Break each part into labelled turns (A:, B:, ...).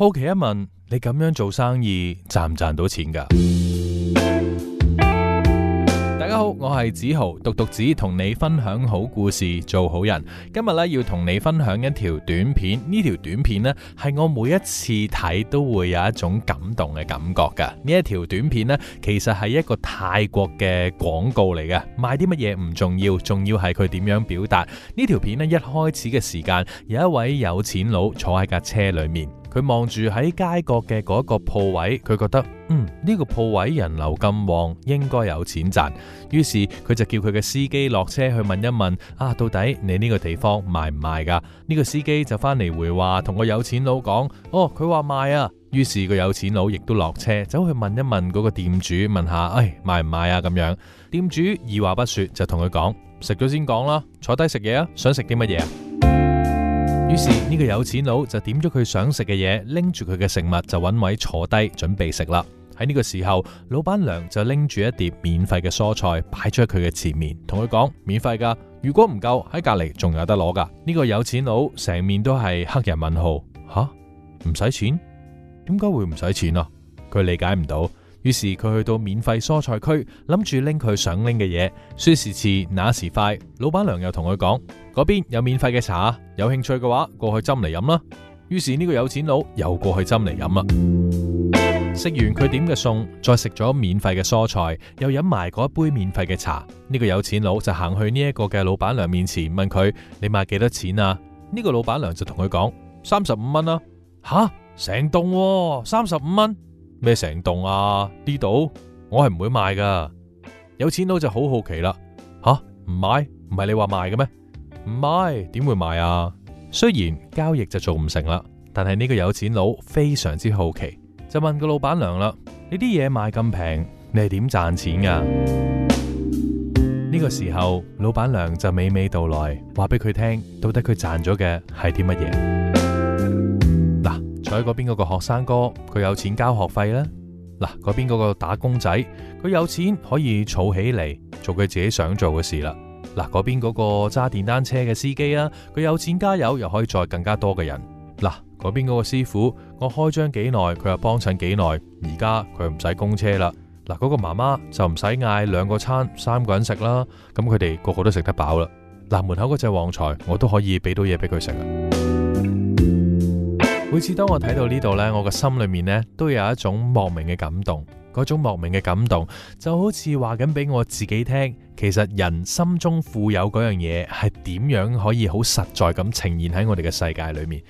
A: 好奇一問，你咁樣做生意賺唔賺到錢噶？大家好，我係梓豪，獨讀子同你分享好故事，做好人。今日咧要同你分享一條短片。呢條短片呢，係我每一次睇都會有一種感動嘅感覺噶。呢一條短片呢，其實係一個泰國嘅廣告嚟嘅，賣啲乜嘢唔重要，重要係佢點樣表達。呢條片呢，一開始嘅時間，有一位有錢佬坐喺架車裏面。佢望住喺街角嘅嗰個鋪位，佢覺得嗯呢個鋪位人流咁旺，應該有錢賺。於是佢就叫佢嘅司機落車去問一問啊，到底你呢個地方賣唔賣噶？呢個司機就翻嚟回話，同個有錢佬講：哦，佢話賣啊。於是個有錢佬亦都落車走去問一問嗰個店主，問下唉，賣唔賣啊？咁樣店主二話不說就同佢講：食咗先講啦，坐低食嘢啊，想食啲乜嘢啊？於是呢個有錢佬就點咗佢想食嘅嘢，拎住佢嘅食物就揾位坐低準備食啦。喺呢個時候，老闆娘就拎住一碟免費嘅蔬菜擺咗佢嘅前面，同佢講免費噶，如果唔夠喺隔籬仲有得攞噶。呢個有錢佬成面都係黑人問號，吓，唔使錢？點解會唔使錢啊？佢理解唔到。於是佢去到免費蔬菜區，諗住拎佢想拎嘅嘢，說時遲，那時快，老闆娘又同佢講：嗰邊有免費嘅茶，有興趣嘅話過去斟嚟飲啦。於是呢個有錢佬又過去斟嚟飲啦。食完佢點嘅餸，再食咗免費嘅蔬菜，又飲埋嗰一杯免費嘅茶。呢、這個有錢佬就行去呢一個嘅老闆娘面前問，問佢：你賣幾多錢啊？呢、這個老闆娘就同佢講：三十五蚊啊。吓、啊，成棟三十五蚊？咩成棟啊？呢度我係唔會賣噶。有錢佬就好好奇啦，吓、啊、唔買？唔係你話賣嘅咩？唔買點會賣啊？雖然交易就做唔成啦，但係呢個有錢佬非常之好奇，就問個老闆娘啦：呢啲嘢賣咁平，你係點賺錢噶？呢、這個時候，老闆娘就娓娓道來，話俾佢聽到底佢賺咗嘅係啲乜嘢。所以嗰邊嗰個學生哥，佢有錢交學費啦。嗱，嗰邊嗰個打工仔，佢有錢可以儲起嚟，做佢自己想做嘅事啦。嗱，嗰邊嗰個揸電單車嘅司機啊，佢有錢加油又可以載更加多嘅人。嗱，嗰邊嗰個師傅，我開張幾耐，佢又幫襯幾耐，而家佢唔使供車啦。嗱，嗰個媽媽就唔使嗌兩個餐三個人食啦，咁佢哋個個都食得飽啦。嗱，門口嗰隻旺財，我都可以俾到嘢俾佢食啊。每次當我睇到呢度呢，我個心裏面呢，都有一種莫名嘅感動，嗰種莫名嘅感動就好似話緊俾我自己聽，其實人心中富有嗰樣嘢係點樣可以好實在咁呈現喺我哋嘅世界裏面。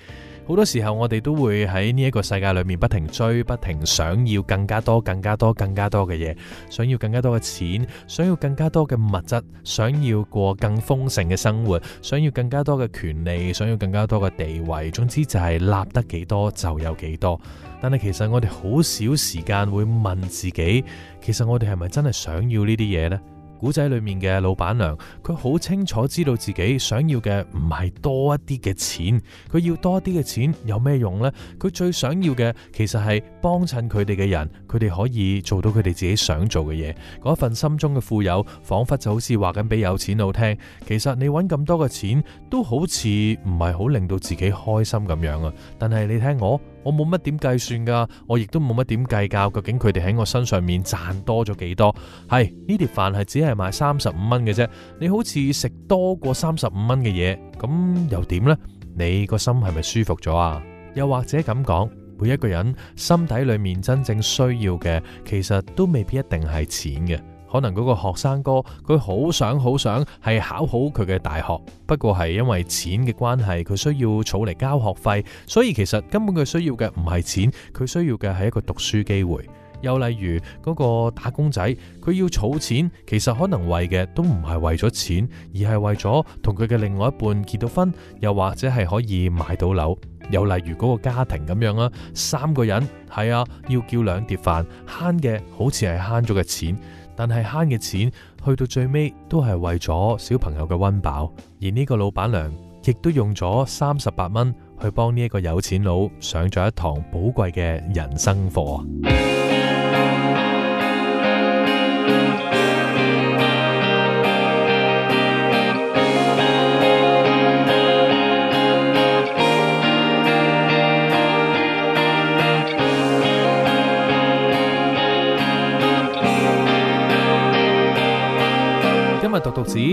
A: 好多時候，我哋都會喺呢一個世界裏面不停追，不停想要更加多、更加多、更加多嘅嘢，想要更加多嘅錢，想要更加多嘅物質，想要過更豐盛嘅生活，想要更加多嘅權利，想要更加多嘅地位。總之就係立得幾多就有幾多。但係其實我哋好少時間會問自己，其實我哋係咪真係想要呢啲嘢呢？古仔裏面嘅老闆娘，佢好清楚知道自己想要嘅唔係多一啲嘅錢，佢要多啲嘅錢有咩用呢？佢最想要嘅其實係幫襯佢哋嘅人，佢哋可以做到佢哋自己想做嘅嘢。嗰一份心中嘅富有，仿佛就好似話緊俾有錢佬聽。其實你揾咁多嘅錢都好似唔係好令到自己開心咁樣啊。但係你聽我。我冇乜點計算噶，我亦都冇乜點計較，究竟佢哋喺我身上面賺多咗幾多？係呢碟飯係只係賣三十五蚊嘅啫，你好似食多過三十五蚊嘅嘢，咁又點呢？你個心係咪舒服咗啊？又或者咁講，每一個人心底裏面真正需要嘅，其實都未必一定係錢嘅。可能嗰個學生哥，佢好想好想係考好佢嘅大學，不過係因為錢嘅關係，佢需要儲嚟交學費，所以其實根本佢需要嘅唔係錢，佢需要嘅係一個讀書機會。又例如嗰個打工仔，佢要儲錢，其實可能為嘅都唔係為咗錢，而係為咗同佢嘅另外一半結到婚，又或者係可以買到樓。又例如嗰個家庭咁樣啦，三個人係啊，要叫兩碟飯，慳嘅好似係慳咗嘅錢。但係慳嘅錢去到最尾都係為咗小朋友嘅溫飽，而呢個老闆娘亦都用咗三十八蚊去幫呢個有錢佬上咗一堂寶貴嘅人生課。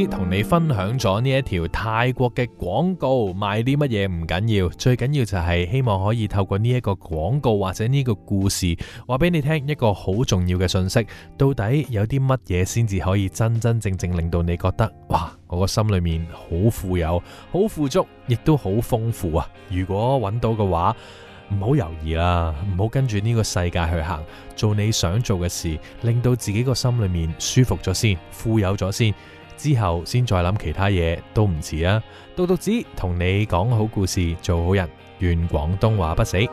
A: 同你分享咗呢一條泰國嘅廣告，賣啲乜嘢唔緊要，最緊要就係希望可以透過呢一個廣告或者呢個故事，話俾你聽一個好重要嘅信息。到底有啲乜嘢先至可以真真正正令到你覺得哇，我個心裏面好富有、好富足，亦都好豐富啊！如果揾到嘅話，唔好猶豫啦，唔好跟住呢個世界去行，做你想做嘅事，令到自己個心裏面舒服咗先，富有咗先。之後先再諗其他嘢，都唔遲啊！獨讀子同你講好故事，做好人，願廣東話不死。